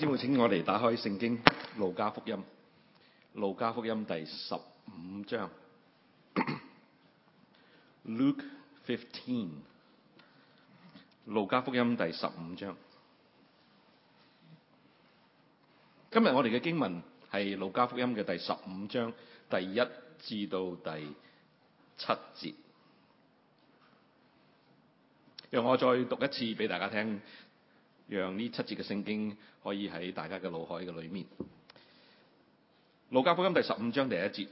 先會，請我哋打開聖經《路加福音》，《路加福音》第十五章，《咳咳 Luke Fifteen》《路加福音》第十五章。今日我哋嘅經文係《路加福音》嘅第十五章第一至到第七節。讓我再讀一次俾大家聽。讓呢七節嘅聖經可以喺大家嘅腦海嘅裏面。路加福音第十五章第一節，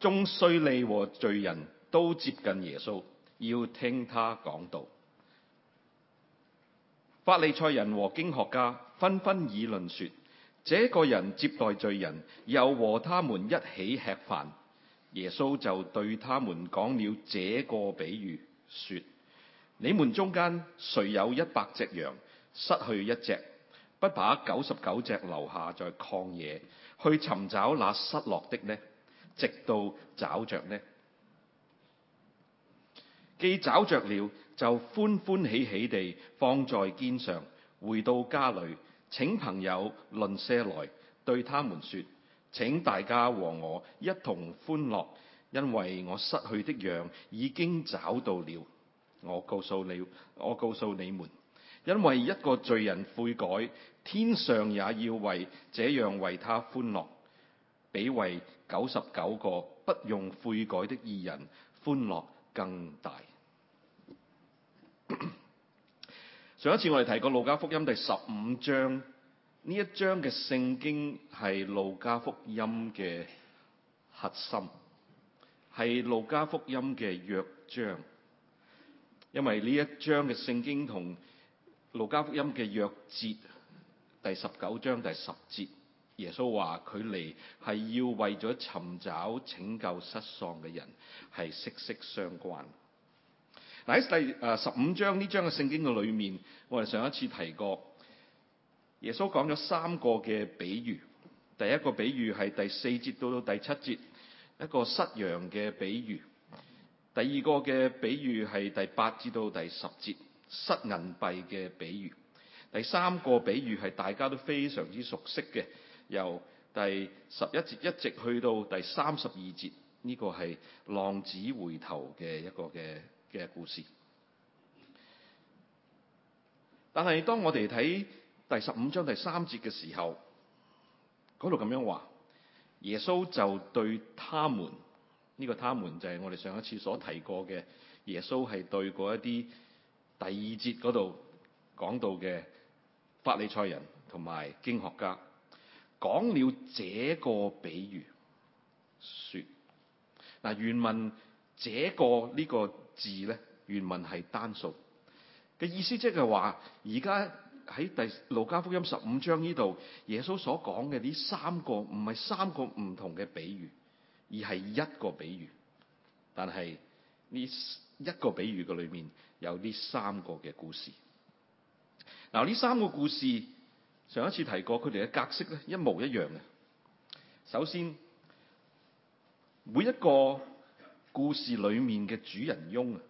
眾稅吏和罪人都接近耶穌，要聽他講道。法利賽人和經學家紛紛議論說：這個人接待罪人，又和他們一起吃飯。耶穌就對他們講了這個比喻，說：你們中間誰有一百隻羊？失去一隻，不把九十九隻留下在曠野，去尋找那失落的呢？直到找着呢？既找着了，就歡歡喜喜地放在肩上，回到家裏，請朋友鄰舍來，對他們說：請大家和我一同歡樂，因為我失去的羊已經找到了。我告訴你，我告訴你們。因為一個罪人悔改，天上也要為這樣為他歡樂，比為九十九個不用悔改的義人歡樂更大。 上一次我哋提過路加福音第十五章，呢一章嘅聖經係路加福音嘅核心，係路加福音嘅約章，因為呢一章嘅聖經同。路加福音嘅約節第十九章第十節，耶穌話佢嚟係要為咗尋找拯救失喪嘅人，係息息相關。喺第誒十五章呢章嘅聖經嘅裏面，我哋上一次提過，耶穌講咗三個嘅比喻。第一個比喻係第四節到第七節，一個失羊嘅比喻。第二個嘅比喻係第八節到第十節。失銀幣嘅比喻，第三個比喻係大家都非常之熟悉嘅，由第十一節一直去到第三十二節，呢個係浪子回頭嘅一個嘅嘅故事。但係當我哋睇第十五章第三節嘅時候，嗰度咁樣話，耶穌就對他們，呢個他們就係我哋上一次所提過嘅，耶穌係對嗰一啲。第二節嗰度講到嘅法利賽人同埋經學家講了這個比喻，說嗱，原文這個呢個字咧，原文係單數嘅意思，即係話而家喺《路加福音》十五章呢度，耶穌所講嘅呢三個唔係三個唔同嘅比喻，而係一個比喻，但係呢一個比喻嘅裏面。有呢三個嘅故事。嗱，呢三個故事，上一次提過，佢哋嘅格式咧一模一樣嘅。首先，每一個故事裏面嘅主人翁啊，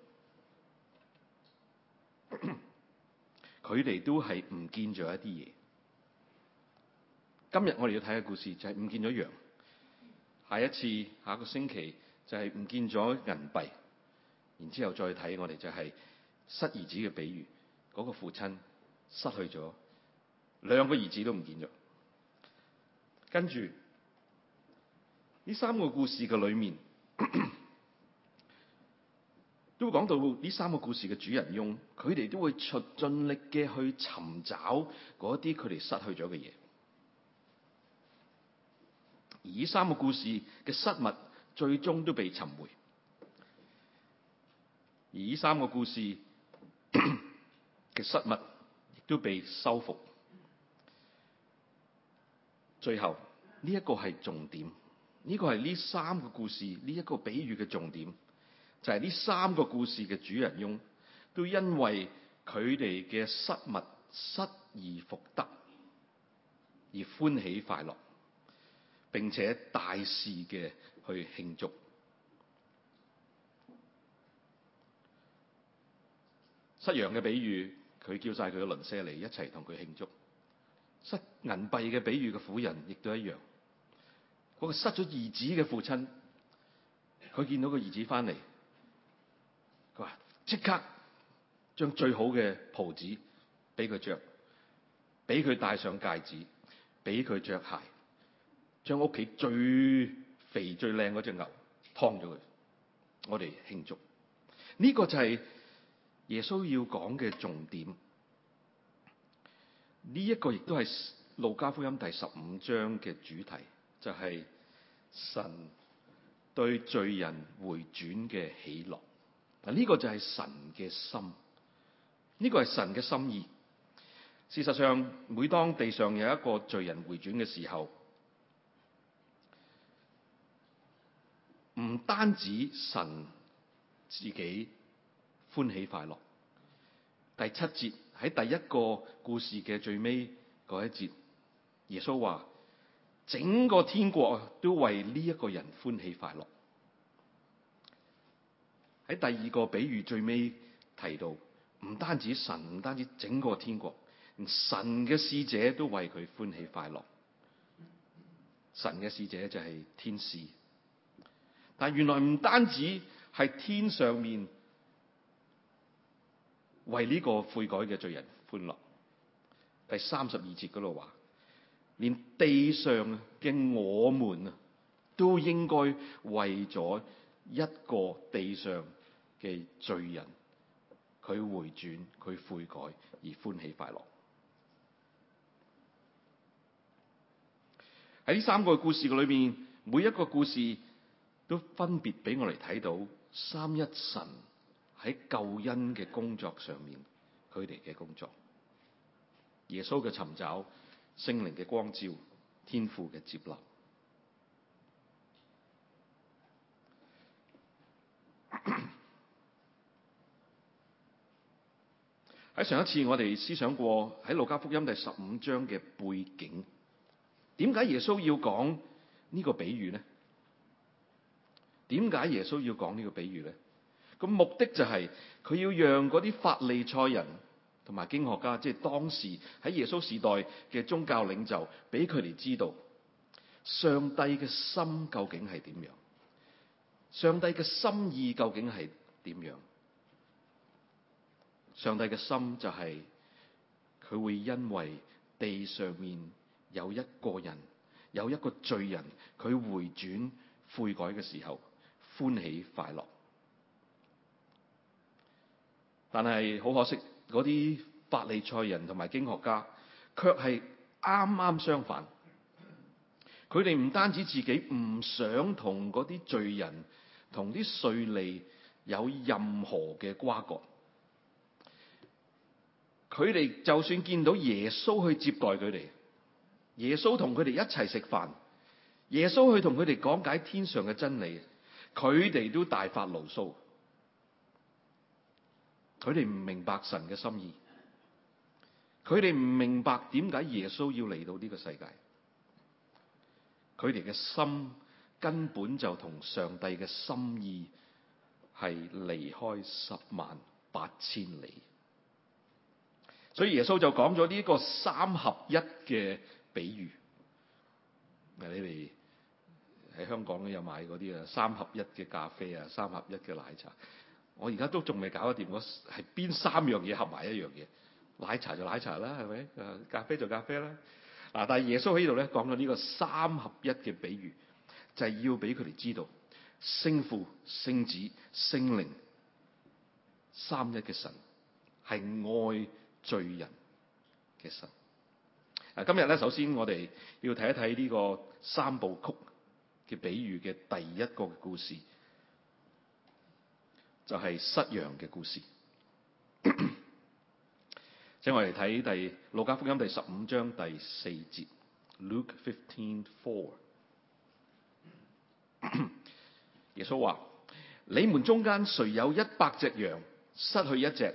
佢哋都係唔見咗一啲嘢。今日我哋要睇嘅故事就係唔見咗羊，下一次下個星期就係唔見咗銀幣，然之後再睇我哋就係、是。失兒子嘅比喻，嗰個父親失去咗兩個兒子都唔見咗。跟住呢三個故事嘅裏面，咳咳都講到呢三個故事嘅主人翁，佢哋都會出盡力嘅去尋找嗰啲佢哋失去咗嘅嘢。而呢三個故事嘅失物最終都被尋回，而呢三個故事嘅失物亦都被收復，最後呢一個係重點，呢個係呢三個故事呢一個，這個比喻嘅重點，就係、是、呢三個故事嘅主人翁都因為佢哋嘅失物失而復得而歡喜快樂，並且大肆嘅去慶祝。失羊嘅比喻，佢叫晒佢嘅鄰舍嚟一齊同佢慶祝。失銀幣嘅比喻嘅婦人亦都一樣。嗰個失咗兒子嘅父親，佢見到個兒子翻嚟，佢話即刻將最好嘅袍子俾佢着，俾佢戴上戒指，俾佢着鞋，將屋企最肥最靚嗰隻牛劏咗佢，我哋慶祝。呢個就係。耶穌要講嘅重點，呢一個亦都係路加福音第十五章嘅主題，就係神對罪人回轉嘅喜樂。嗱，呢個就係神嘅心，呢個係神嘅心意。事實上，每當地上有一個罪人回轉嘅時候，唔單止神自己。歡喜快樂。第七節，喺第一個故事嘅最尾嗰一節，耶穌話：整個天國都為呢一個人歡喜快樂。喺第二個比喻最尾提到，唔單止神，唔單止整個天國，神嘅使者都為佢歡喜快樂。神嘅使者就係天使，但原來唔單止係天上面，為呢個悔改嘅罪人歡樂。第三十二節嗰度話，連地上嘅我們啊，都應該為咗一個地上嘅罪人，佢回轉、佢悔改而歡喜快樂。喺呢三個故事嘅裏面，每一個故事都分別俾我哋睇到三一神。喺救恩嘅工作上面，佢哋嘅工作，耶穌嘅尋找，聖靈嘅光照，天父嘅接納。喺 上一次我哋思想過，喺路加福音第十五章嘅背景，點解耶穌要講呢個比喻咧？點解耶穌要講呢個比喻咧？咁目的就係佢要讓嗰啲法利賽人同埋經學家，即係當時喺耶穌時代嘅宗教領袖，俾佢哋知道上帝嘅心究竟係點樣，上帝嘅心意究竟係點樣，上帝嘅心就係佢會因為地上面有一個人有一個罪人，佢回轉悔改嘅時候，歡喜快樂。但係好可惜，嗰啲法利賽人同埋經學家，卻係啱啱相反。佢哋唔單止自己唔想同嗰啲罪人、同啲稅吏有任何嘅瓜葛，佢哋就算見到耶穌去接待佢哋，耶穌同佢哋一齊食飯，耶穌去同佢哋講解天上嘅真理，佢哋都大發牢騷。佢哋唔明白神嘅心意，佢哋唔明白點解耶穌要嚟到呢個世界，佢哋嘅心根本就同上帝嘅心意係離開十萬八千里，所以耶穌就講咗呢個三合一嘅比喻。你哋喺香港有買嗰啲啊，三合一嘅咖啡啊，三合一嘅奶茶。我而家都仲未搞得掂，我係邊三樣嘢合埋一樣嘢？奶茶就奶茶啦，係咪？誒，咖啡就咖啡啦。嗱，但係耶穌喺度咧，講咗呢個三合一嘅比喻，就係要俾佢哋知道，聖父、聖子、聖靈三一嘅神係愛罪人嘅神。嗱，今日咧，首先我哋要睇一睇呢個三部曲嘅比喻嘅第一個嘅故事。就係失羊嘅故事。咳咳，請我哋睇《路加福音》第十五章第四節。Luke fifteen four 咳咳。耶穌話：你們中間誰有一百隻羊，失去一隻，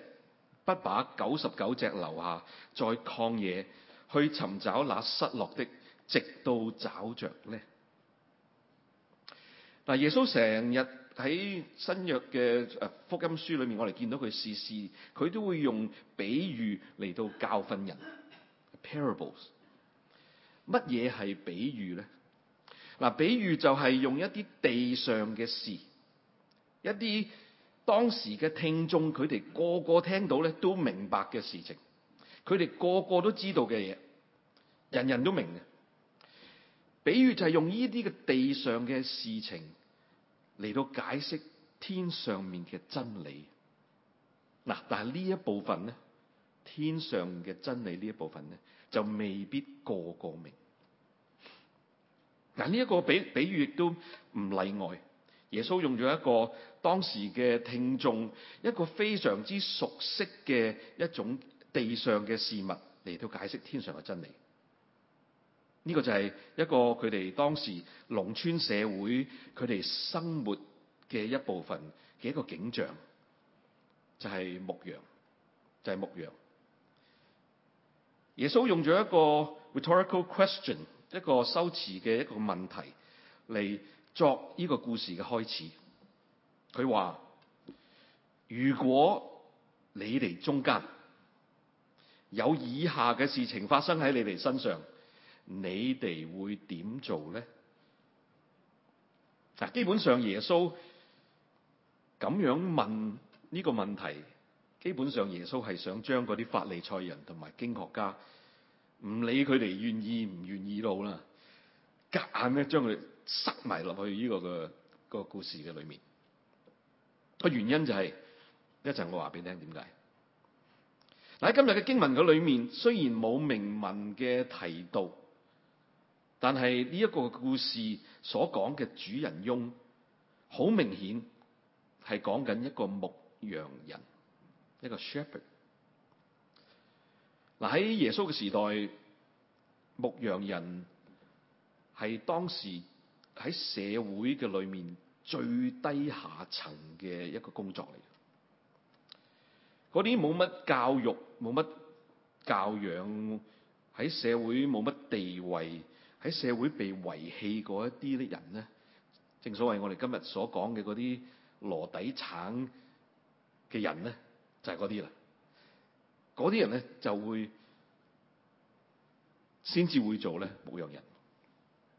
不把九十九隻留下，在曠野去尋找那失落的，直到找着呢？」但耶穌成日。喺新約嘅誒福音書裏面，我哋見到佢時時，佢都會用比喻嚟到教訓人。Parables，乜嘢係比喻咧？嗱，比喻就係用一啲地上嘅事，一啲當時嘅聽眾，佢哋個個聽到咧都明白嘅事情，佢哋個個都知道嘅嘢，人人都明嘅。比喻就係用呢啲嘅地上嘅事情。嚟到解釋天上面嘅真理，嗱，但係呢一部分咧，天上嘅真理呢一部分咧，就未必個個明。嗱，呢一個比比喻亦都唔例外，耶穌用咗一個當時嘅聽眾，一個非常之熟悉嘅一種地上嘅事物，嚟到解釋天上嘅真理。呢個就係一個佢哋當時農村社會佢哋生活嘅一部分嘅一個景象，就係牧羊，就係牧羊。耶穌用咗一個 rhetorical question，一個修辭嘅一個問題嚟作呢個故事嘅開始。佢話：「如果你哋中間有以下嘅事情發生喺你哋身上。你哋會點做咧？嗱，基本上耶穌咁樣問呢個問題，基本上耶穌係想將嗰啲法利賽人同埋經學家，唔理佢哋願意唔願意都好啦，夾硬咧將佢塞埋落去呢個個個故事嘅裏面。個原因就係一陣我話俾你聽點解。嗱，喺今日嘅經文嘅裏面，雖然冇明文嘅提到。但係呢一個故事所講嘅主人翁，好明顯係講緊一個牧羊人，一個 shepherd。嗱，喺耶穌嘅時代，牧羊人係當時喺社會嘅裏面最低下層嘅一個工作嚟。嗰啲冇乜教育，冇乜教養，喺社會冇乜地位。喺社會被遺棄嗰一啲咧人咧，正所謂我哋今日所講嘅嗰啲「羅底橙」嘅人咧，就係嗰啲啦。嗰啲人咧就會先至會做咧牧羊人，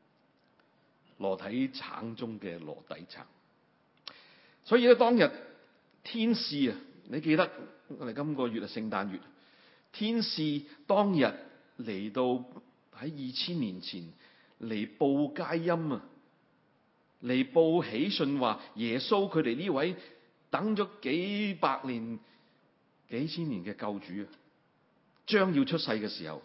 「羅底橙」中嘅「羅底橙」。所以咧，當日天使啊，你記得我哋今個月係聖誕月，天使當日嚟到。喺二千年前嚟報佳音啊，嚟報喜訊，話耶穌佢哋呢位等咗幾百年、幾千年嘅救主啊，啊將要出世嘅時候，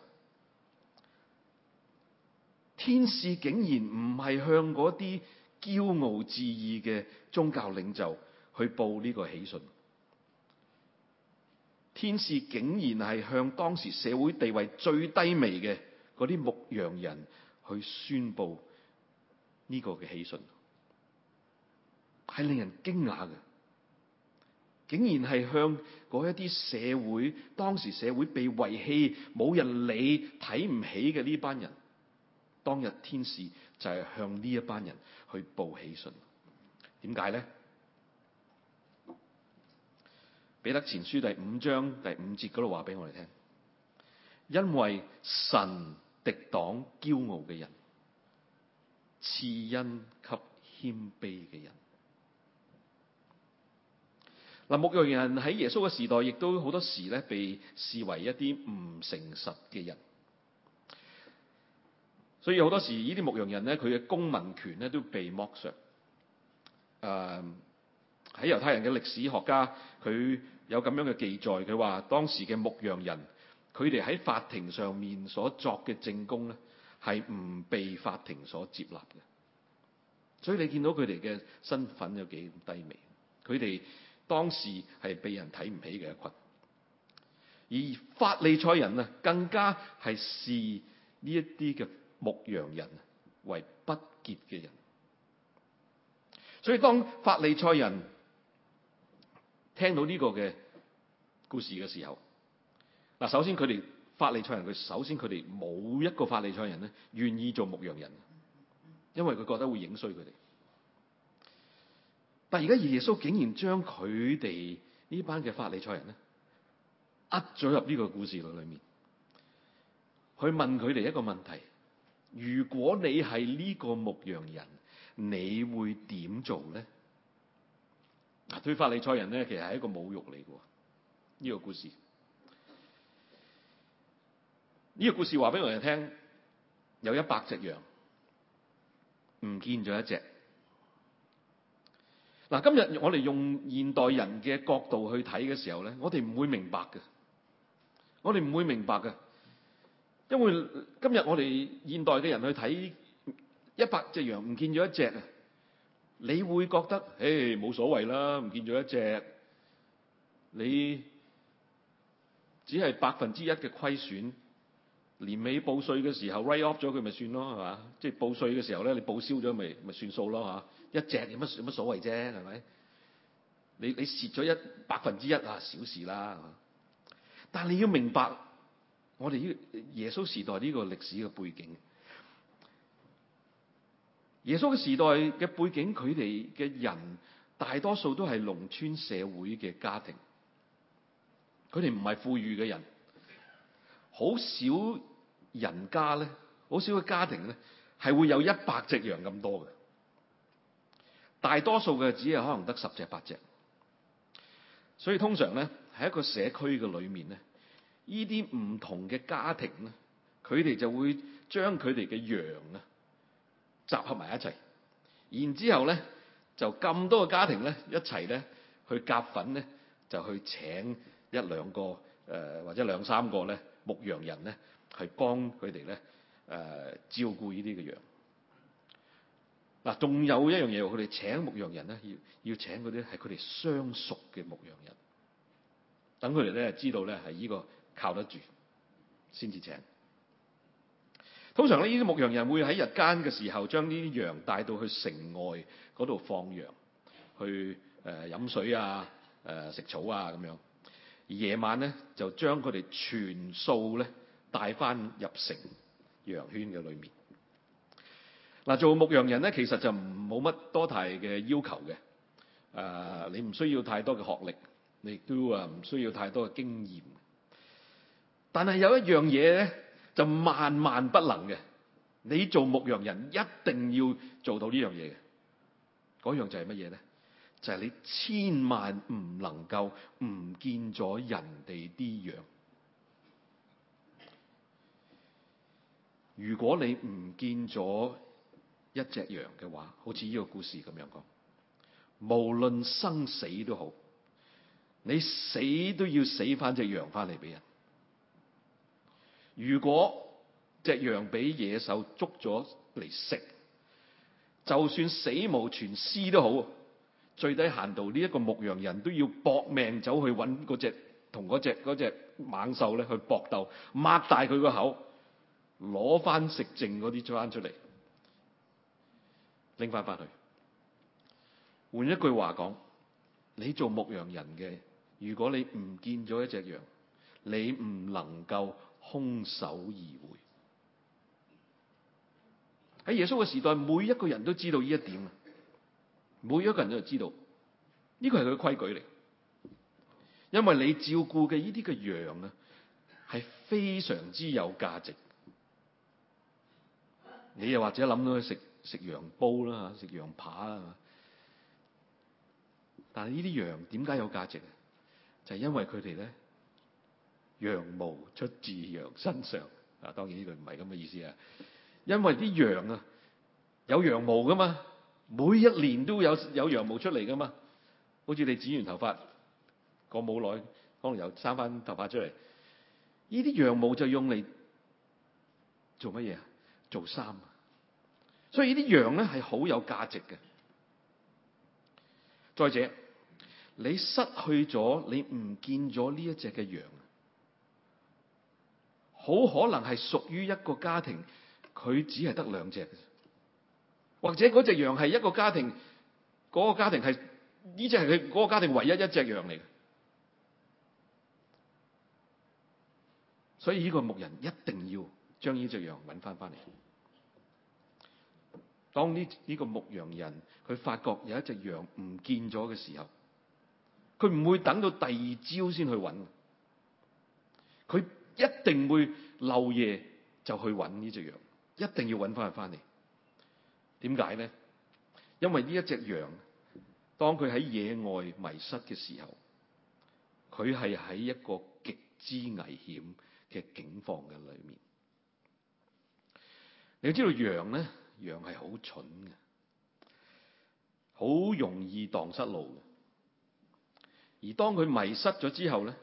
天使竟然唔係向嗰啲驕傲自義嘅宗教領袖去報呢個喜訊，天使竟然係向當時社會地位最低微嘅。嗰啲牧羊人去宣布呢個嘅喜訊，係令人驚訝嘅，竟然係向嗰一啲社會當時社會被遺棄、冇人理、睇唔起嘅呢班人，當日天使就係向呢一班人去報喜訊。點解咧？彼得前書第五章第五節嗰度話俾我哋聽，因為神。敵擋驕傲嘅人，賜恩給謙卑嘅人。嗱，牧羊人喺耶穌嘅時代，亦都好多時咧被視為一啲唔誠實嘅人，所以好多時呢啲牧羊人咧，佢嘅公民權咧都被剝削。誒、嗯，喺猶太人嘅歷史學家，佢有咁樣嘅記載，佢話當時嘅牧羊人。佢哋喺法庭上面所作嘅證供咧，係唔被法庭所接納嘅。所以你見到佢哋嘅身份有幾咁低微，佢哋當時係被人睇唔起嘅一群。而法利賽人啊，更加係視呢一啲嘅牧羊人為不潔嘅人。所以當法利賽人聽到呢個嘅故事嘅時候，嗱，首先佢哋法利賽人，佢首先佢哋冇一個法利賽人咧願意做牧羊人，因為佢覺得會影衰佢哋。但而家耶穌竟然將佢哋呢班嘅法利賽人咧，呃咗入呢個故事裏裏面，去問佢哋一個問題：如果你係呢個牧羊人，你會點做咧？嗱，對法利賽人咧，其實係一個侮辱嚟嘅，呢個故事。呢個故事話俾我哋聽，有一百隻羊唔見咗一隻。嗱，今日我哋用現代人嘅角度去睇嘅時候咧，我哋唔會明白嘅。我哋唔會明白嘅，因為今日我哋現代嘅人去睇一百隻羊唔見咗一隻啊，你會覺得誒，冇所謂啦，唔見咗一隻，你只係百分之一嘅虧損。年尾報稅嘅時候，write off 咗佢咪算咯，係嘛？即係報稅嘅時候咧，你報銷咗咪咪算數咯吓，一隻有乜有乜所謂啫？係咪？你你蝕咗一百分之一啊，小事啦。係嘛。但係你要明白，我哋要耶穌時代呢個歷史嘅背景。耶穌嘅時代嘅背景，佢哋嘅人大多數都係農村社會嘅家庭，佢哋唔係富裕嘅人。好少人家咧，好少嘅家庭咧，係會有一百隻羊咁多嘅。大多數嘅只係可能得十隻、八隻。所以通常咧，喺一個社區嘅裏面咧，呢啲唔同嘅家庭咧，佢哋就會將佢哋嘅羊啊集合埋一齊，然之後咧就咁多嘅家庭咧一齊咧去夾份咧，就去請一兩個誒、呃、或者兩三個咧。牧羊人咧，係幫佢哋咧，誒、呃、照顧呢啲嘅羊。嗱，仲有一樣嘢，佢哋請牧羊人咧，要要請啲係佢哋相熟嘅牧羊人，等佢哋咧知道咧係呢個靠得住，先至請。通常咧，呢啲牧羊人會喺日間嘅時候將呢啲羊帶到去城外度放羊，去誒、呃、飲水啊、誒、呃、食草啊咁樣。夜晚咧就將佢哋全數咧帶翻入城羊圈嘅裏面。嗱，做牧羊人咧，其實就冇乜多大嘅要求嘅。誒、呃、你唔需要太多嘅學歷，你亦都啊唔需要太多嘅經驗，但係有一樣嘢咧，就萬萬不能嘅。你做牧羊人一定要做到呢樣嘢嘅。嗰樣就係乜嘢咧？就係你千萬唔能夠唔見咗人哋啲羊。如果你唔見咗一隻羊嘅話，好似呢個故事咁樣講，無論生死都好，你死都要死翻隻羊翻嚟俾人。如果隻羊俾野獸捉咗嚟食，就算死無全屍都好。最低限度呢一個牧羊人都要搏命走去揾嗰隻同嗰隻，嗰隻猛獸咧去搏鬥，擘大佢個口，攞翻食剩嗰啲翻出嚟，拎翻翻去。換一句話講，你做牧羊人嘅，如果你唔見咗一隻羊，你唔能夠空手而回。喺耶穌嘅時代，每一個人都知道呢一點。每一個人都知道呢個係佢嘅規矩嚟，因為你照顧嘅呢啲嘅羊啊，係非常之有價值。你又或者諗到食食羊煲啦，食羊扒啊，但係呢啲羊點解有價值？就係因為佢哋咧羊毛出自羊身上啊！當然呢個唔係咁嘅意思啊，因為啲羊啊有羊毛噶嘛。每一年都有有羊毛出嚟噶嘛。好似你剪完頭髮，過冇耐可能又生翻頭髮出嚟。呢啲羊毛就用嚟做乜嘢啊？做衫啊。所以呢啲羊咧係好有價值嘅。再者，你失去咗，你唔見咗呢一隻嘅羊，好可能係屬於一個家庭，佢只係得兩隻。或者嗰隻羊係一個家庭，嗰、嗰個家庭係呢隻係佢嗰個家庭唯一一隻羊嚟，所以呢個牧人一定要將呢隻羊揾翻翻嚟。當呢呢、呢個牧羊人佢發覺有一隻羊唔見咗嘅時候，佢唔會等到第二朝先去揾，佢一定會漏夜就去揾呢隻羊，一定要揾翻佢翻嚟。點解咧？因為呢一隻羊，當佢喺野外迷失嘅時候，佢係喺一個極之危險嘅境況嘅裏面。你要知道羊呢，羊咧，羊係好蠢嘅，好容易蕩失路嘅。而當佢迷失咗之後咧，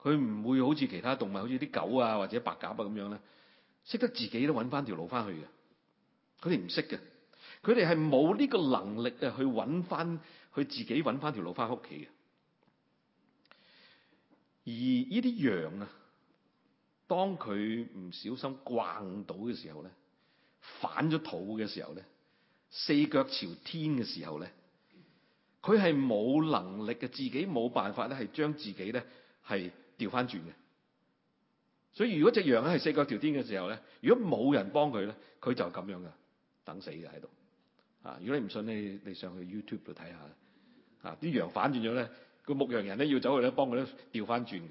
佢唔會好似其他動物，好似啲狗啊或者白鴿啊咁樣咧，識得自己都揾翻條路翻去嘅。佢哋唔識嘅。佢哋係冇呢個能力啊，去揾翻去自己揾翻條路翻屋企嘅。而呢啲羊啊，當佢唔小心逛到嘅時候咧，反咗肚嘅時候咧，四腳朝天嘅時候咧，佢係冇能力嘅，自己冇辦法咧，係將自己咧係調翻轉嘅。所以如果隻羊啊係四腳朝天嘅時候咧，如果冇人幫佢咧，佢就咁樣噶，等死嘅喺度。啊！如果你唔信，你你上去 YouTube 度睇下，啊啲羊反轉咗咧，個牧羊人咧要走去咧幫佢咧調翻轉。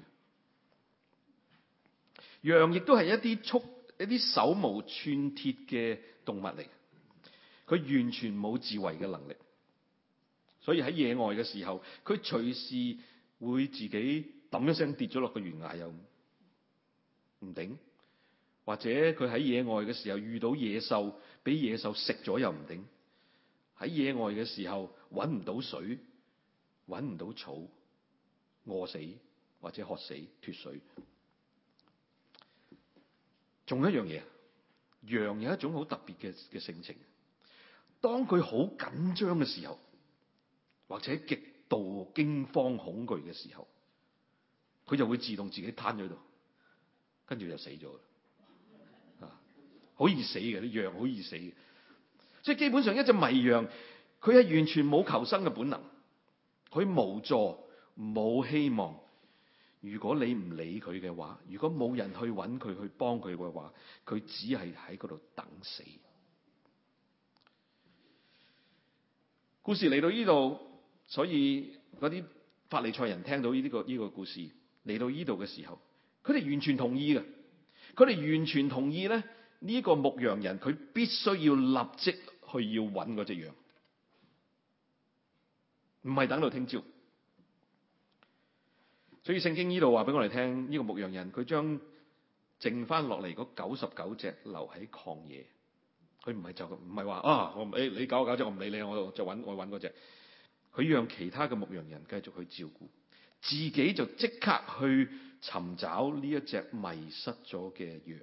羊亦都係一啲速一啲手無寸鐵嘅動物嚟，佢完全冇自衞嘅能力，所以喺野外嘅時候，佢隨時會自己揼一聲跌咗落個懸崖又唔頂，或者佢喺野外嘅時候遇到野獸，俾野獸食咗又唔頂。喺野外嘅時候揾唔到水，揾唔到草，餓死或者渴死、脫水。仲有一樣嘢，羊有一種好特別嘅嘅性情。當佢好緊張嘅時候，或者極度驚慌恐懼嘅時候，佢就會自動自己攤咗度，跟住就死咗。啊，好易死嘅，啲羊好易死嘅。羊即基本上一隻迷羊，佢係完全冇求生嘅本能，佢無助冇希望。如果你唔理佢嘅話，如果冇人去揾佢去幫佢嘅話，佢只係喺嗰度等死。故事嚟到呢度，所以嗰啲法利賽人聽到呢啲個呢個故事嚟到呢度嘅時候，佢哋完全同意嘅，佢哋完全同意咧呢個牧羊人佢必須要立即。去要揾嗰隻羊，唔係等到聽朝。所以聖經依度話俾我哋聽，呢個牧羊人佢將剩翻落嚟嗰九十九隻留喺曠野，佢唔係就唔係話啊我你你搞搞啫，我唔理你，我就揾我揾嗰隻。佢讓其他嘅牧羊人繼續去照顧，自己就即刻去尋找呢一隻迷失咗嘅羊。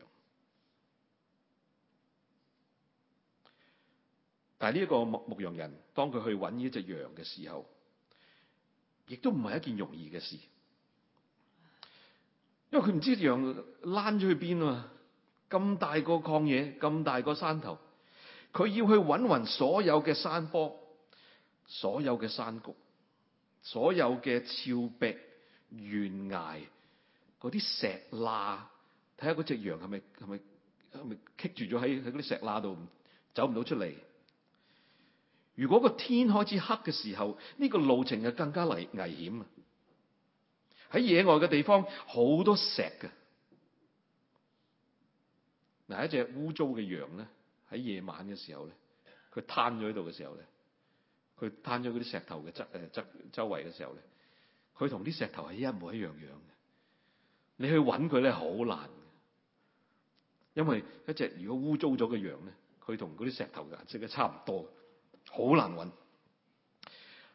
但係呢一個牧牧羊人，當佢去揾呢隻羊嘅時候，亦都唔係一件容易嘅事，因為佢唔知羊躝咗去邊啊嘛。咁大個曠野，咁大個山頭，佢要去揾匀所有嘅山坡、所有嘅山谷、所有嘅峭壁、懸崖啲石罅，睇下隻羊係咪係咪係咪棘住咗喺喺啲石罅度，走唔到出嚟。如果個天開始黑嘅時候，呢個路程就更加危危險啊！喺野外嘅地方好多石嘅，嗱，一隻污糟嘅羊咧，喺夜晚嘅時候咧，佢攤咗喺度嘅時候咧，佢攤咗嗰啲石頭嘅側誒側周圍嘅時候咧，佢同啲石頭係一模一樣樣嘅。你去揾佢咧好難，因為一隻如果污糟咗嘅羊咧，佢同嗰啲石頭顏色咧差唔多。好難搵。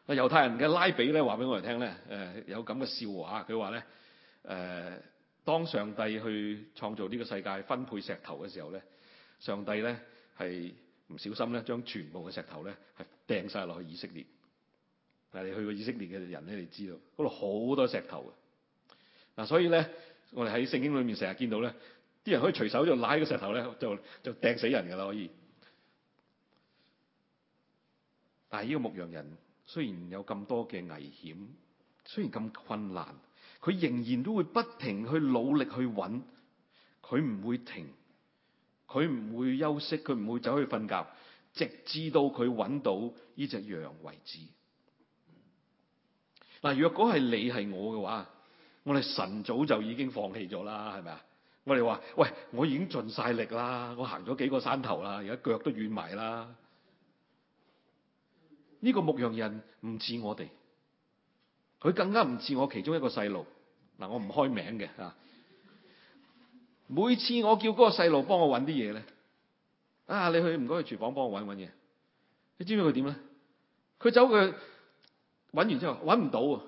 嗱，猶太人嘅拉比咧話俾我哋聽咧，誒，有咁嘅笑話，佢話咧，誒、呃、當上帝去創造呢個世界分配石頭嘅時候咧，上帝咧係唔小心咧將全部嘅石頭咧係掟晒落去以色列。但係你去過以色列嘅人咧，你知道嗰度好多石頭嘅。嗱、啊，所以咧我哋喺聖經裏面成日見到咧，啲人可以隨手就拉個石頭咧就就掟死人噶啦可以。但係呢個牧羊人雖然有咁多嘅危險，雖然咁困難，佢仍然都會不停去努力去揾，佢唔會停，佢唔會休息，佢唔會走去瞓覺，直至到佢揾到呢隻羊為止。嗱，若果係你係我嘅話，我哋晨早就已經放棄咗啦，係咪啊？我哋話：喂，我已經盡晒力啦，我行咗幾個山頭啦，而家腳都軟埋啦。呢個牧羊人唔似我哋，佢更加唔似我其中一個細路。嗱，我唔開名嘅嚇。每次我叫嗰個細路幫我揾啲嘢咧，啊，你去唔該去廚房幫我揾揾嘢。你知唔知佢點咧？佢走佢揾完之後揾唔到啊！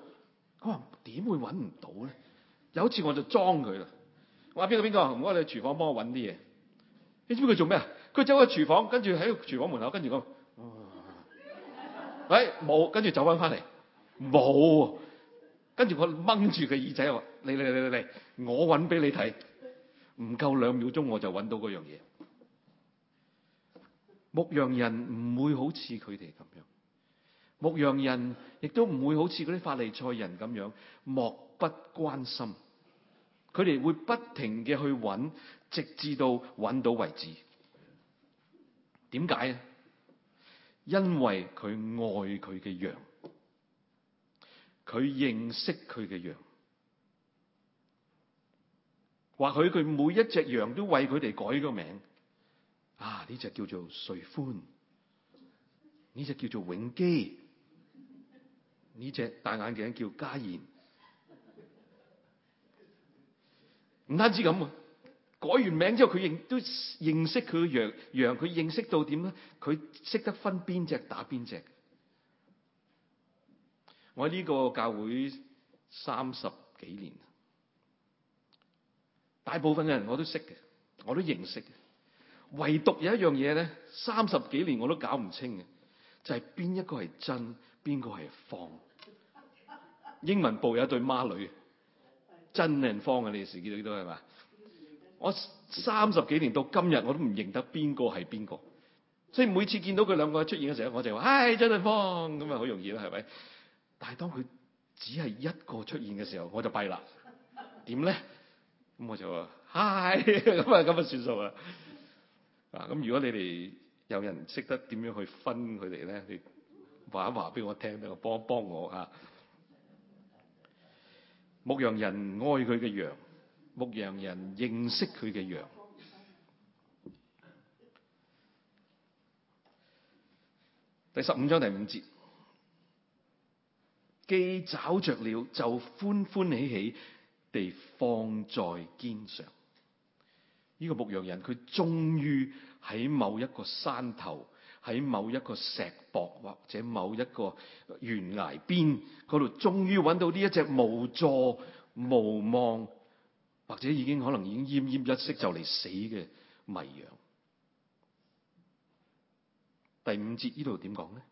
佢話點會揾唔到咧？有一次我就裝佢啦，我話邊個邊個唔該你去廚房幫我揾啲嘢。你知唔知佢做咩啊？佢走去廚房，跟住喺個廚房門口跟住講。喂，冇，跟住走翻翻嚟，冇，跟住我掹住個耳仔，話你嚟嚟嚟嚟，我揾俾你睇，唔夠兩秒鐘我就揾到樣嘢。牧羊人唔會好似佢哋咁樣，牧羊人亦都唔會好似啲法利賽人咁樣漠不關心，佢哋會不停嘅去揾，直至到揾到為止。點解啊？因為佢愛佢嘅羊，佢認識佢嘅羊，或許佢每一隻羊都為佢哋改個名。啊，呢隻叫做瑞歡，呢隻叫做永基，呢隻戴眼鏡叫嘉賢，唔單止咁啊！改完名之後，佢認都認識佢個羊羊，佢認識到點咧？佢識得分邊隻打邊隻。我喺呢個教會三十幾年，大部分嘅人我都識嘅，我都認識嘅。唯獨有一樣嘢咧，三十幾年我都搞唔清嘅，就係、是、邊一個係真，邊個係方。英文部有一對孖女， 真定方啊？你哋見到呢度係嘛？我三十幾年到今日我都唔認得邊個係邊個，所以每次見到佢兩個出現嘅時候，我就話：唉，張俊芳咁啊，好容易啦，係咪？但係當佢只係一個出現嘅時候，我就弊啦。點咧？咁我就話：唉，咁啊，咁啊，算數啦。啊，咁如果你哋有人識得點樣去分佢哋咧，你話一話俾我聽啦，俾我幫一幫我啊！牧羊人愛佢嘅羊。牧羊人認識佢嘅羊，第十五章第五節，既找着了，就歡歡喜喜地放在肩上。呢、這個牧羊人，佢終於喺某一個山頭，喺某一個石坡或者某一個懸崖邊嗰度，終於揾到呢一隻無助無望。或者已經可能已經奄奄一息就嚟死嘅迷羊。第五節呢度點講咧？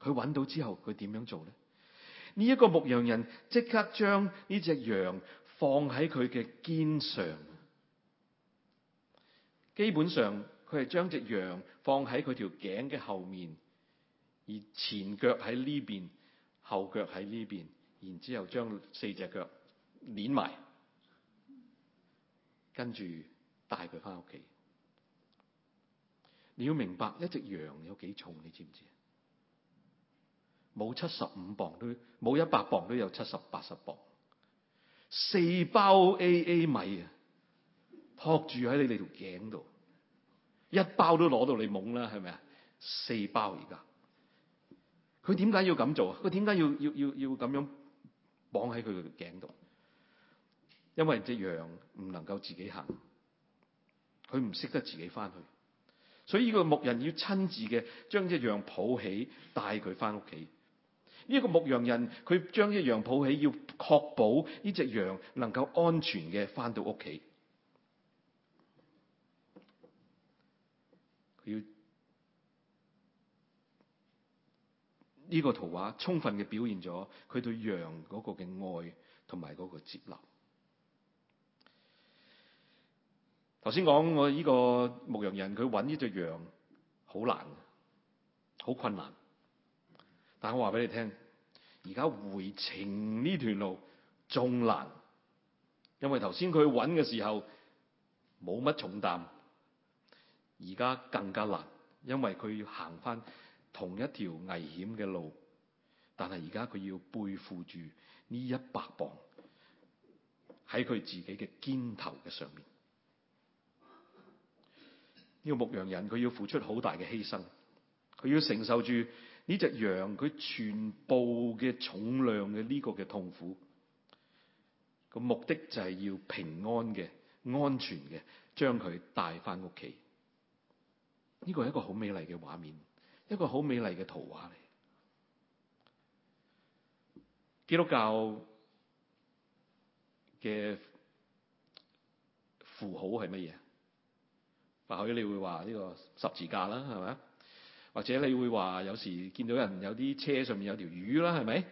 佢揾到之後，佢點樣做咧？呢一個牧羊人即刻將呢隻羊放喺佢嘅肩上。基本上佢係將隻羊放喺佢條頸嘅後面，而前腳喺呢邊，後腳喺呢邊，然之後將四隻腳捻埋。跟住帶佢翻屋企。你要明白一隻羊有幾重，你知唔知？冇七十五磅都冇一百磅都有七十八十磅，四包 A A 米啊，托住喺你你條頸度，一包都攞到你懵啦，係咪啊？四包而家，佢點解要咁做？佢點解要要要要咁樣綁喺佢條頸度？因為隻羊唔能夠自己行，佢唔識得自己翻去，所以呢個牧人要親自嘅將隻羊抱起，帶佢翻屋企。呢個牧羊人佢將隻羊抱起，要確保呢隻羊能夠安全嘅翻到屋企。佢要呢個圖畫充分嘅表現咗佢對羊嗰個嘅愛同埋嗰個接納。頭先講我呢個牧羊人，佢搵呢隻羊好難，好困難。但我話俾你聽，而家回程呢段路仲難，因為頭先佢搵嘅時候冇乜重擔，而家更加難，因為佢要行返同一條危險嘅路，但係而家佢要背負住呢一百磅喺佢自己嘅肩頭嘅上面。呢個牧羊人佢要付出好大嘅犧牲，佢要承受住呢隻羊佢全部嘅重量嘅呢個嘅痛苦，個目的就係要平安嘅，安全嘅，將佢帶翻屋企。呢個係一個好美麗嘅畫面，一個好美麗嘅圖畫嚟。基督教嘅符號係乜嘢？或許你會話呢個十字架啦，係咪啊？或者你會話有時見到人有啲車上面有條魚啦，係咪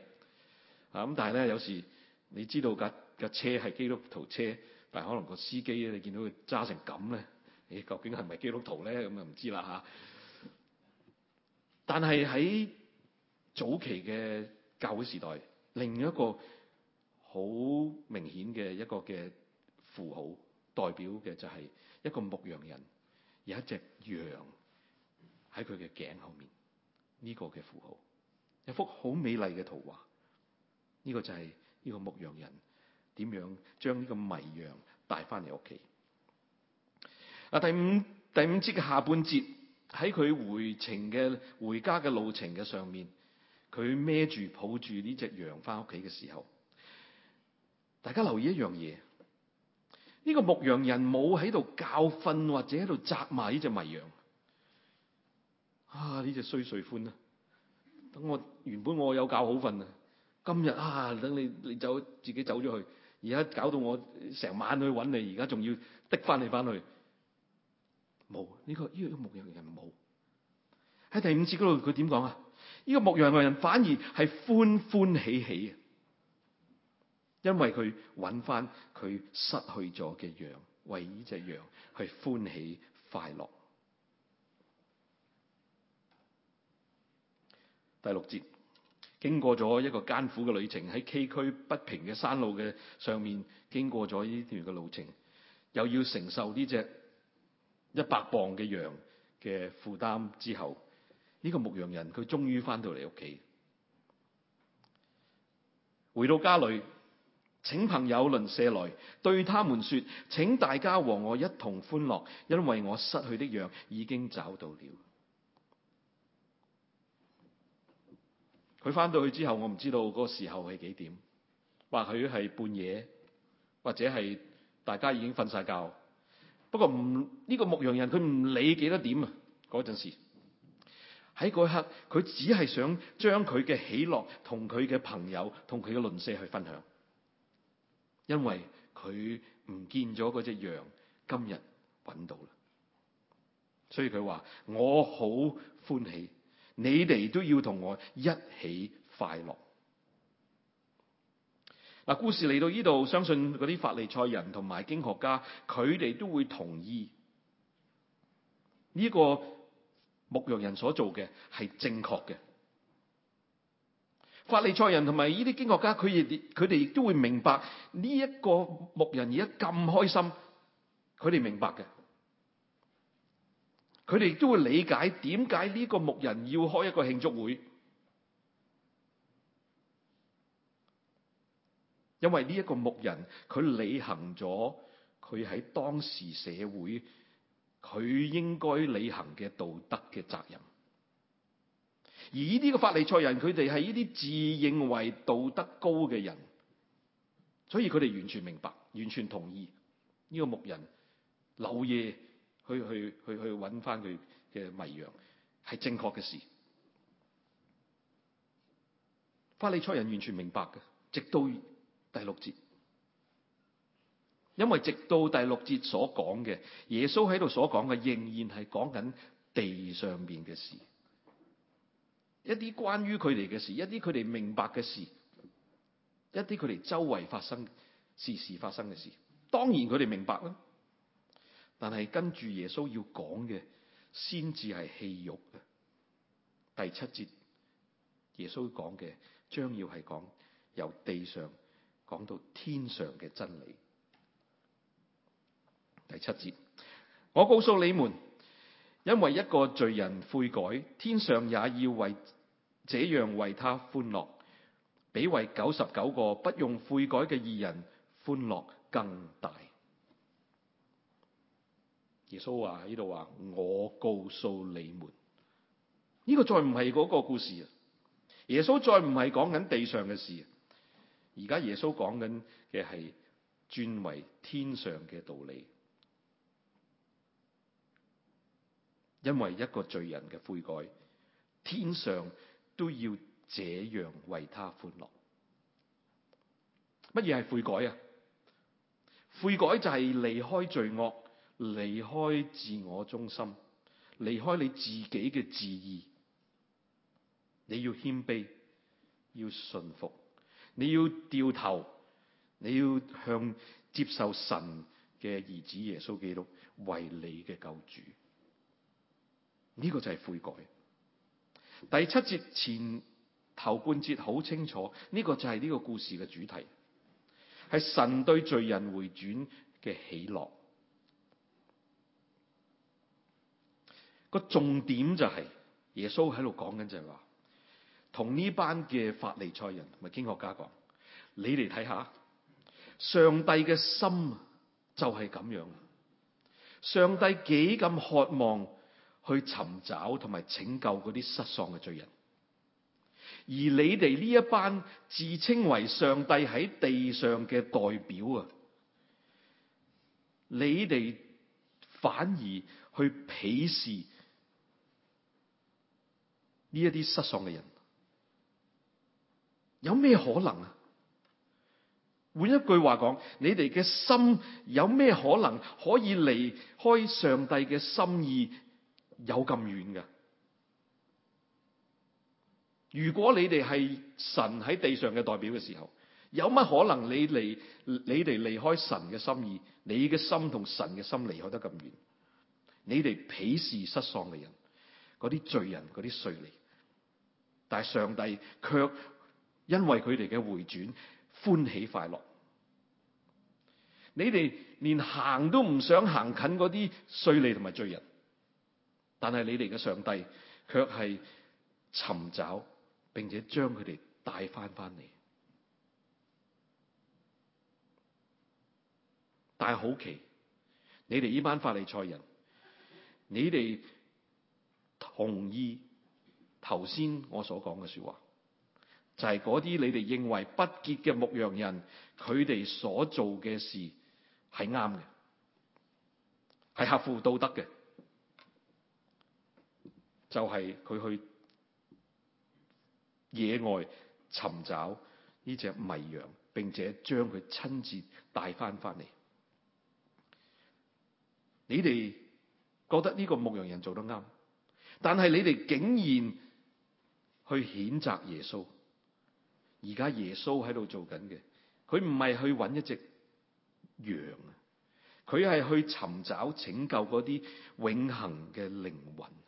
啊？咁但係咧，有時你知道架架車係基督徒車，但係可能個司機咧，你見到佢揸成咁咧，咦？究竟係咪基督徒咧？咁啊唔知啦吓。但係喺早期嘅教會時代，另一個好明顯嘅一個嘅符號代表嘅就係一個牧羊人。有一隻羊喺佢嘅頸後面，呢個嘅符號，有幅好美麗嘅圖畫，呢個就係呢個牧羊人點樣將呢個迷羊帶翻嚟屋企。啊，第五第五節嘅下半節喺佢回程嘅回家嘅路程嘅上面，佢孭住抱住呢隻羊翻屋企嘅時候，大家留意一樣嘢。呢個牧羊人冇喺度教訓或者喺度責罵呢隻迷羊，啊呢隻衰衰歡啊，等我原本我有教好瞓啊，今日啊，等你你走自己走咗去，而家搞到我成晚去揾你，而家仲要的翻嚟翻去，冇呢個呢個牧羊人冇喺第五節度佢點講啊？呢個牧羊人反而係歡歡喜喜啊！因為佢揾翻佢失去咗嘅羊，為呢隻羊去歡喜快樂。第六節，經過咗一個艱苦嘅旅程，喺崎嶇不平嘅山路嘅上面，經過咗呢段嘅路程，又要承受呢隻一百磅嘅羊嘅負擔之後，呢個牧羊人佢終於翻到嚟屋企，回到家裏。請朋友鄰舍來，對他們說：請大家和我一同歡樂，因為我失去的羊已經找到了。佢返到去之後，我唔知道嗰個時候係幾點，或許係半夜，或者係大家已經瞓晒覺。不過唔呢、呢個牧羊人，佢唔理幾多點啊！嗰陣時喺嗰一刻，佢只係想將佢嘅喜樂同佢嘅朋友、同佢嘅鄰舍去分享。因為佢唔見咗嗰隻羊，今日揾到啦，所以佢話我好歡喜，你哋都要同我一起快樂。嗱，故事嚟到呢度，相信嗰啲法利賽人同埋經學家，佢哋都會同意呢個牧羊人所做嘅係正確嘅。法利賽人同埋呢啲經學家，佢亦佢哋亦都會明白呢一個牧人而家咁開心，佢哋明白嘅，佢哋亦都會理解點解呢個牧人要開一個慶祝會，因為呢一個牧人佢履行咗佢喺當時社會佢應該履行嘅道德嘅責任。而呢個法利賽人，佢哋係呢啲自認為道德高嘅人，所以佢哋完全明白，完全同意呢、呢個牧人漏夜去去去去揾翻佢嘅迷羊，係正確嘅事。法利賽人完全明白嘅，直到第六節，因為直到第六節所講嘅耶穌喺度所講嘅，仍然係講緊地上邊嘅事。一啲關於佢哋嘅事，一啲佢哋明白嘅事，一啲佢哋周圍發生事事發生嘅事，當然佢哋明白啦。但係跟住耶穌要講嘅，先至係戲肉嘅。第七節，耶穌講嘅將要係講由地上講到天上嘅真理。第七節，我告訴你們。因為一個罪人悔改，天上也要為這樣為他歡樂，比為九十九個不用悔改嘅義人歡樂更大。耶穌話呢度話：我告訴你們，呢、呢個再唔係嗰個故事啊！耶穌再唔係講緊地上嘅事，而家耶穌講緊嘅係轉為天上嘅道理。因為一個罪人嘅悔改，天上都要這樣為他歡樂。乜嘢係悔改啊？悔改就係離開罪惡，離開自我中心，離開你自己嘅自義。你要謙卑，要順服，你要掉頭，你要向接受神嘅兒子耶穌基督為你嘅救主。呢個就係悔改。第七節前頭半節好清楚，呢、這個就係呢個故事嘅主題，係神對罪人回轉嘅喜樂。個重點就係、是、耶穌喺度講緊就係話，同呢班嘅法利賽人同埋經學家講，你哋睇下，上帝嘅心就係咁樣，上帝幾咁渴望，去尋找同埋拯救嗰啲失喪嘅罪人，而你哋呢一班自稱為上帝喺地上嘅代表啊，你哋反而去鄙視呢一啲失喪嘅人。有咩可能啊？換一句話講，你哋嘅心有咩可能可以離開上帝嘅心意？有咁遠㗎？如果你哋係神喺地上嘅代表嘅時候，有乜可能你離你哋離開神嘅心意？你嘅心同神嘅心離開得咁遠？你哋鄙視失喪嘅人，嗰啲罪人，嗰啲稅吏。但係上帝卻因為佢哋嘅回轉歡喜快樂。你哋連行都唔想行近嗰啲稅吏同埋罪人。但係你哋嘅上帝卻係尋找並且將佢哋帶翻翻嚟。但係好奇，你哋呢班法利賽人，你哋同意頭先我所講嘅說話，就係嗰啲你哋認為不潔嘅牧羊人，佢哋所做嘅事係啱嘅，係合乎道德嘅。就係佢去野外尋找呢隻迷羊，並且將佢親自帶翻翻嚟。你哋覺得呢個牧羊人做得啱，但係你哋竟然去譴責耶穌。而家耶穌喺度做緊嘅，佢唔係去揾一隻羊啊，佢係去尋找拯救嗰啲永恆嘅靈魂。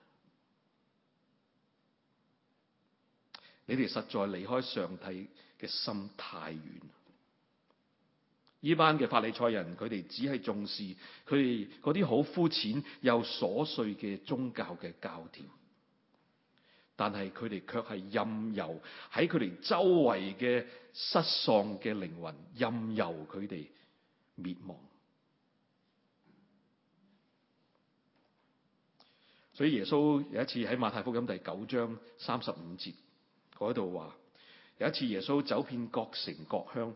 你哋實在離開上帝嘅心太遠。呢班嘅法利賽人，佢哋只係重視佢哋嗰啲好膚淺又瑣碎嘅宗教嘅教條，但係佢哋卻係任由喺佢哋周圍嘅失喪嘅靈魂，任由佢哋滅亡。所以耶穌有一次喺馬太福音第九章三十五節度話，有一次耶穌走遍各城各鄉，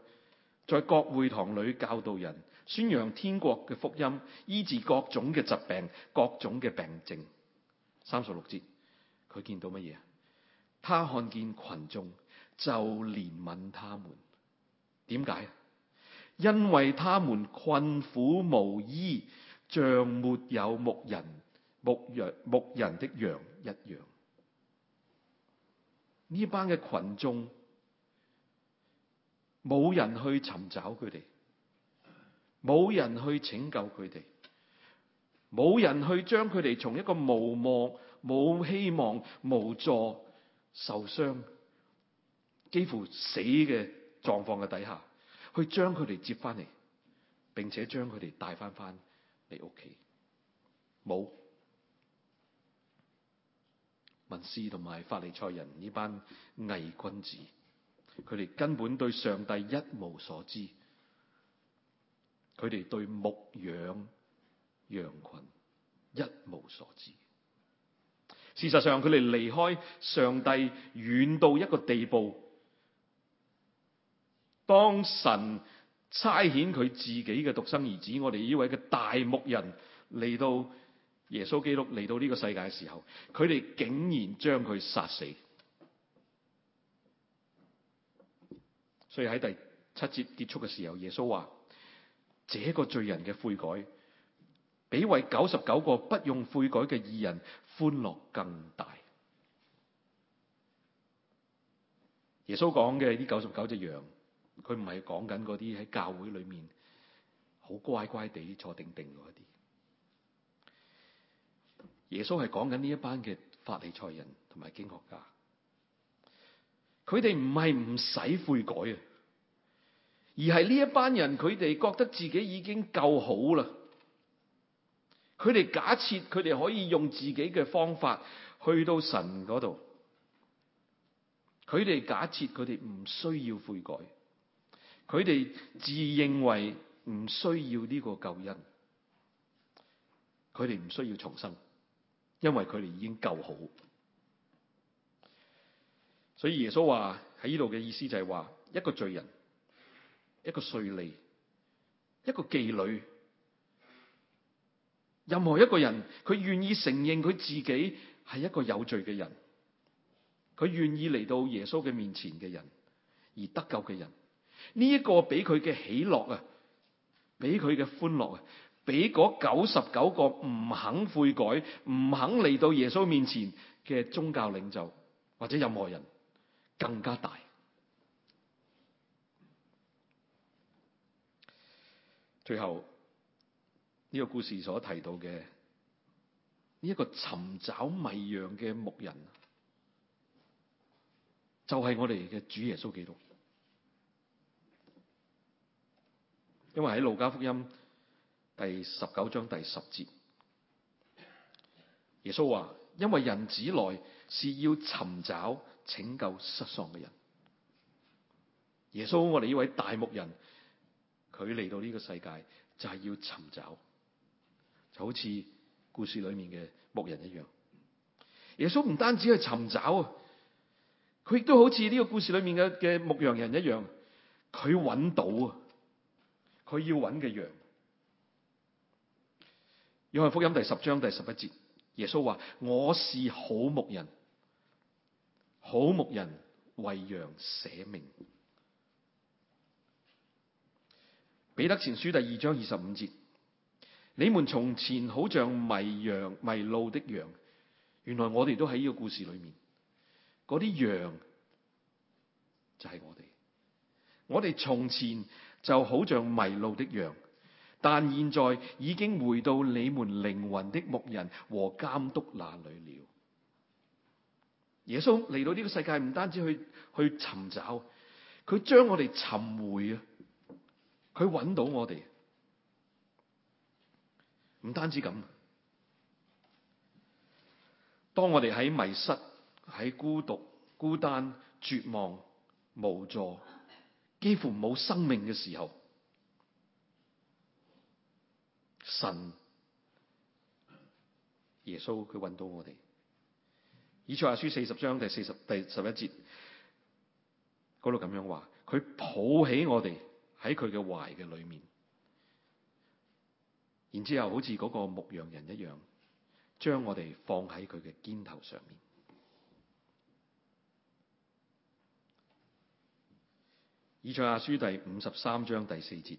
在各會堂裏教導人，宣揚天國嘅福音，醫治各種嘅疾病、各種嘅病症。三十六節，佢見到乜嘢？他看見群眾就憐憫他們。點解？因為他們困苦無依，像沒有牧人牧羊牧人的羊一樣。呢班嘅群眾，冇人去尋找佢哋，冇人去拯救佢哋，冇人去將佢哋從一個無望、冇希望、無助、受傷、幾乎死嘅狀況嘅底下，去將佢哋接翻嚟，並且將佢哋帶翻翻嚟屋企，冇。文士同埋法利賽人呢班偽君子，佢哋根本對上帝一無所知，佢哋對牧羊羊群一無所知。事實上，佢哋離開上帝遠到一個地步。當神差遣佢自己嘅獨生兒子，我哋呢位嘅大牧人嚟到。耶穌基督嚟到呢個世界嘅時候，佢哋竟然將佢殺死。所以喺第七節結束嘅時候，耶穌話：這個罪人嘅悔改，比為九十九個不用悔改嘅義人歡樂更大。耶穌講嘅呢九十九隻羊，佢唔係講緊啲喺教會裏面好乖乖地坐定定啲。耶穌係講緊呢一班嘅法利賽人同埋經學家，佢哋唔係唔使悔改啊，而係呢一班人佢哋覺得自己已經夠好啦。佢哋假設佢哋可以用自己嘅方法去到神嗰度，佢哋假設佢哋唔需要悔改，佢哋自認為唔需要呢個救恩，佢哋唔需要重生。因為佢哋已經夠好，所以耶穌話喺呢度嘅意思就係話一個罪人、一個稅吏、一個妓女，任何一個人佢願意承認佢自己係一個有罪嘅人，佢願意嚟到耶穌嘅面前嘅人而得救嘅人，呢、這、一個俾佢嘅喜樂啊，俾佢嘅歡樂啊。比嗰九十九個唔肯悔改，唔肯嚟到耶穌面前嘅宗教領袖或者任何人更加大。最後呢、這個故事所提到嘅呢一個尋找迷羊嘅牧人，就係、是、我哋嘅主耶穌基督，因為喺路加福音第十九章第十節，耶穌話，因為人子來是要尋找拯救失喪嘅人。耶穌，我哋呢位大牧人，佢嚟到呢個世界就係要尋找，就好似故事裏面嘅牧人一樣。耶穌唔單止係尋找啊，佢亦都好似呢個故事裏面嘅嘅牧羊人一樣，佢搵到啊，佢要搵嘅羊。約翰福音第十章第十一節，耶穌話：我是好牧人，好牧人為羊捨命。彼得前書第二章二十五節，你們從前好像迷羊、迷路的羊，原來我哋都喺呢個故事裏面，嗰啲羊就係我哋，我哋從前就好像迷路的羊。但現在已經回到你們靈魂的牧人和監督那裏了。耶穌嚟到呢個世界，唔單止去去尋找，佢將我哋尋回啊，佢揾到我哋。唔單止咁，當我哋喺迷失、喺孤獨、孤單、絕望、無助，幾乎冇生命嘅時候。神耶穌佢揾到我哋，以賽亞書四十章第四十第十一節度咁樣話，佢抱起我哋喺佢嘅懷嘅裏面，然之後好似個牧羊人一樣，將我哋放喺佢嘅肩頭上面。以賽亞書第五十三章第四節。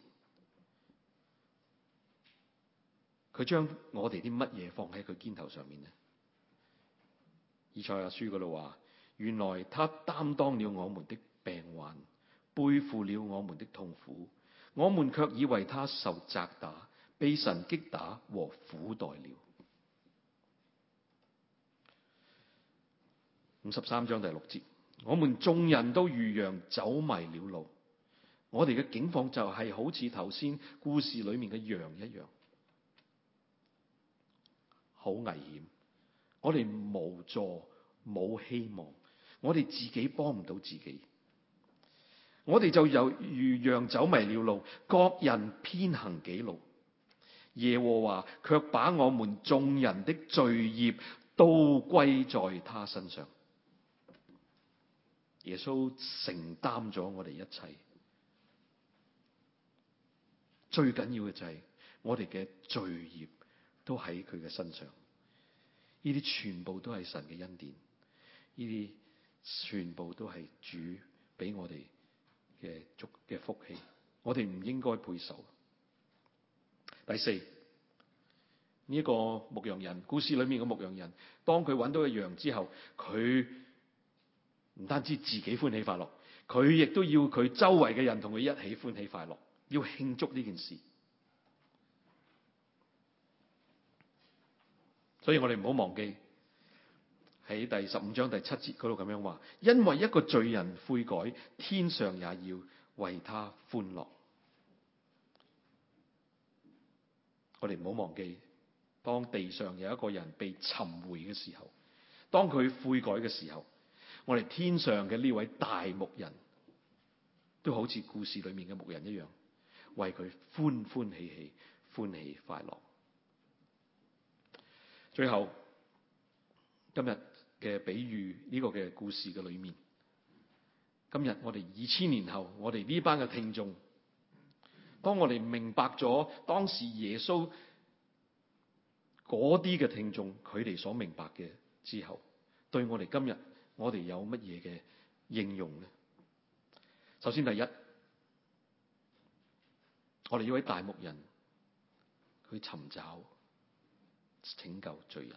佢將我哋啲乜嘢放喺佢肩頭上面咧？以賽亞書嗰度話：原來他擔當了我們的病患，背負了我們的痛苦，我們卻以為他受責打，被神擊打和苦待了。五十三章第六節：我們眾人都如羊走迷了路，我哋嘅境況就係好似頭先故事裏面嘅羊一樣。好危險！我哋無助，冇希望，我哋自己幫唔到自己。我哋就猶如羊走迷了路，各人偏行己路。耶和華卻把我們眾人的罪孽都歸在他身上。耶穌承擔咗我哋一切，最緊要嘅就係我哋嘅罪孽。都喺佢嘅身上，呢啲全部都係神嘅恩典，呢啲全部都係主俾我哋嘅祝嘅福氣，我哋唔應該配受。第四呢、呢個牧羊人故事裏面嘅牧羊人，當佢揾到個羊之後，佢唔單止自己歡喜快樂，佢亦都要佢周圍嘅人同佢一起歡喜快樂，要慶祝呢件事。所以我哋唔好忘記喺第十五章第七節度咁樣話，因為一個罪人悔改，天上也要為他歡樂。我哋唔好忘記，當地上有一個人被尋回嘅時候，當佢悔改嘅時候，我哋天上嘅呢位大牧人都好似故事裏面嘅牧人一樣，為佢歡歡喜喜、歡喜快樂。最後，今日嘅比喻呢個嘅故事嘅裏面，今日我哋二千年後，我哋呢班嘅聽眾，當我哋明白咗當時耶穌嗰啲嘅聽眾，佢哋所明白嘅之後，對我哋今日我哋有乜嘢嘅應用咧？首先，第一，我哋要喺大牧人去尋找。拯救罪人。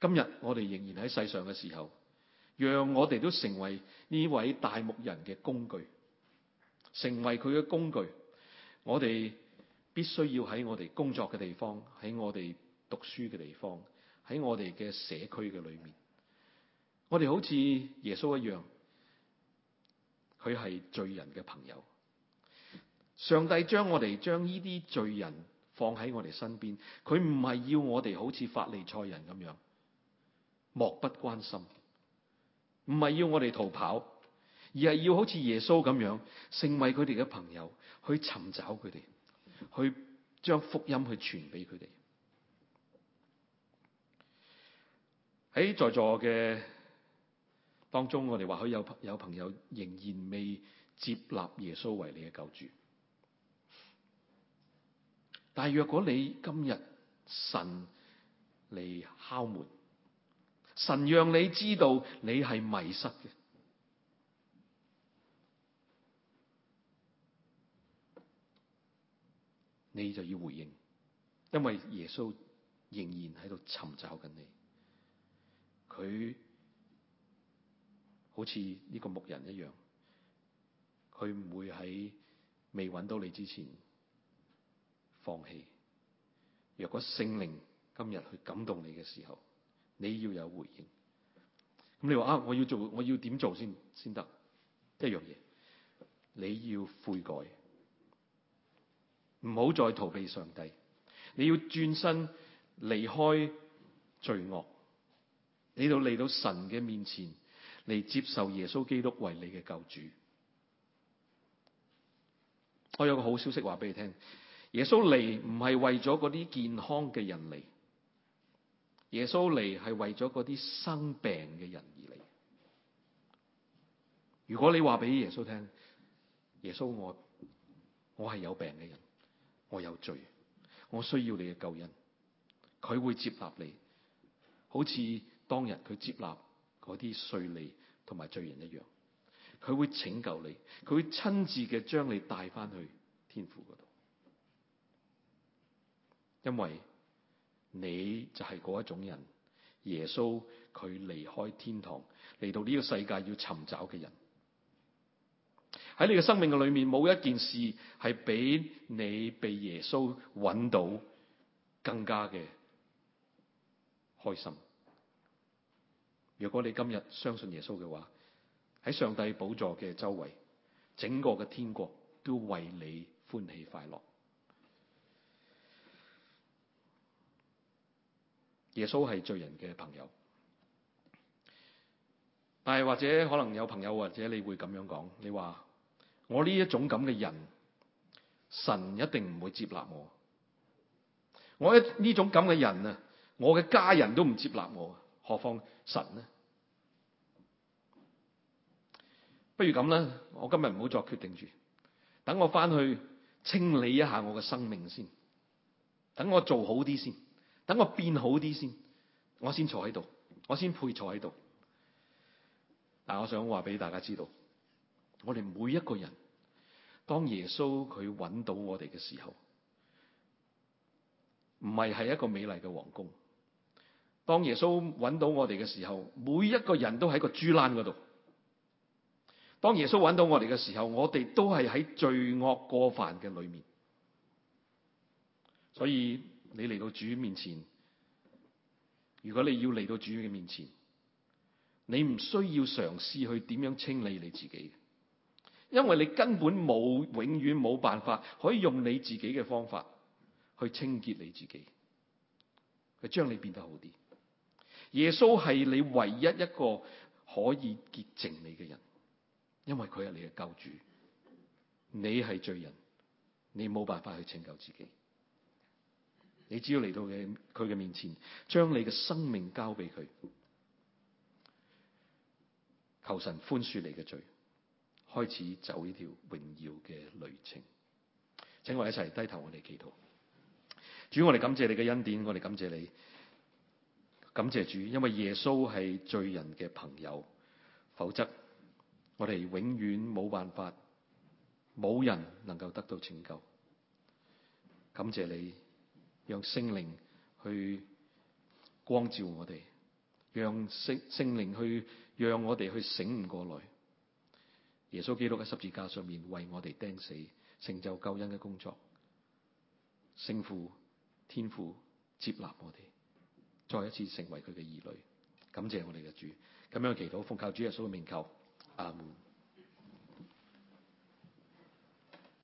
今日我哋仍然喺世上嘅時候，讓我哋都成為呢位大牧人嘅工具，成為佢嘅工具。我哋必須要喺我哋工作嘅地方，喺我哋讀書嘅地方，喺我哋嘅社區嘅裏面，我哋好似耶穌一樣，佢係罪人嘅朋友。上帝將我哋將呢啲罪人。放喺我哋身邊，佢唔係要我哋好似法利賽人咁樣漠不關心，唔係要我哋逃跑，而係要好似耶穌咁樣，成為佢哋嘅朋友，去尋找佢哋，去將福音去傳俾佢哋。喺在，在座嘅當中，我哋或許有有朋友仍然未接納耶穌為你嘅救主。但若果你今日神嚟敲門，神讓你知道你係迷失嘅，你就要回應，因為耶穌仍然喺度尋找緊你。佢好似呢個牧人一樣，佢唔會喺未揾到你之前放棄。若果聖靈今日去感動你嘅時候，你要有回應。咁你話啊，我要做，我要點做先先得？一樣嘢，你要悔改，唔好再逃避上帝。你要轉身離開罪惡，你到嚟，到神嘅面前嚟，接受耶穌基督為你嘅救主。我有個好消息話俾你聽。耶穌嚟，唔係為咗嗰啲健康嘅人嚟，耶穌嚟係為咗嗰啲生病嘅人而嚟。如果你話俾耶穌聽，耶穌，我我係有病嘅人，我有罪，我需要你嘅救恩，佢會接納你，好似當日佢接納嗰啲稅吏同埋罪人一樣，佢會拯救你，佢會親自嘅將你帶翻去天父嗰度。因為你就係嗰一種人，耶穌佢離開天堂嚟到呢個世界要尋找嘅人，喺你嘅生命嘅裏面，冇一件事係比你被耶穌揾到，更加嘅開心。如果你今日相信耶穌嘅話，喺上帝寶座嘅周圍，整個嘅天國都為你歡喜快樂。耶穌係罪人嘅朋友，但係或者可能有朋友或者你會咁樣講，你話我呢一種咁嘅人，神一定唔會接納我，我一呢種咁嘅人啊，我嘅家人都唔接納我，何況神呢？不如咁啦，我今日唔好作決定住，等我返去清理一下我嘅生命先，等我做好啲先。等我變好啲先，我先坐喺度，我先配坐喺度。但我想話俾大家知道，我哋每一個人，當耶穌佢揾到我哋嘅時候，唔係係一個美麗嘅皇宮。當耶穌揾到我哋嘅時候，每一個人都喺個豬欄嗰度。當耶穌揾到我哋嘅時候，我哋都係喺罪惡過犯嘅裏面，所以。你嚟到主面前，如果你要嚟到主嘅面前，你唔需要嘗試去點樣清理你自己，因為你根本冇永遠冇辦法可以用你自己嘅方法去清潔你自己，去將你變得好啲。耶穌係你唯一一個可以潔淨你嘅人，因為佢係你嘅救主。你係罪人，你冇辦法去拯救自己。你只要嚟到佢，佢嘅面前，將你嘅生命交俾佢，求神寬恕你嘅罪，開始走呢條榮耀嘅旅程。請我哋一齊低頭，我哋祈禱。主，我哋感謝你嘅恩典，我哋感謝你，感謝主，因為耶穌係罪人嘅朋友，否則我哋永遠冇辦法，冇人能夠得到拯救。感謝你。讓聖靈去光照我哋，讓聖聖靈去讓我哋去醒唔過來。耶穌基督喺十字架上面為我哋釘死，成就救恩嘅工作，聖父、天父接納我哋，再一次成為佢嘅兒女。感謝我哋嘅主，咁樣祈禱，奉靠主耶穌嘅名求，阿門。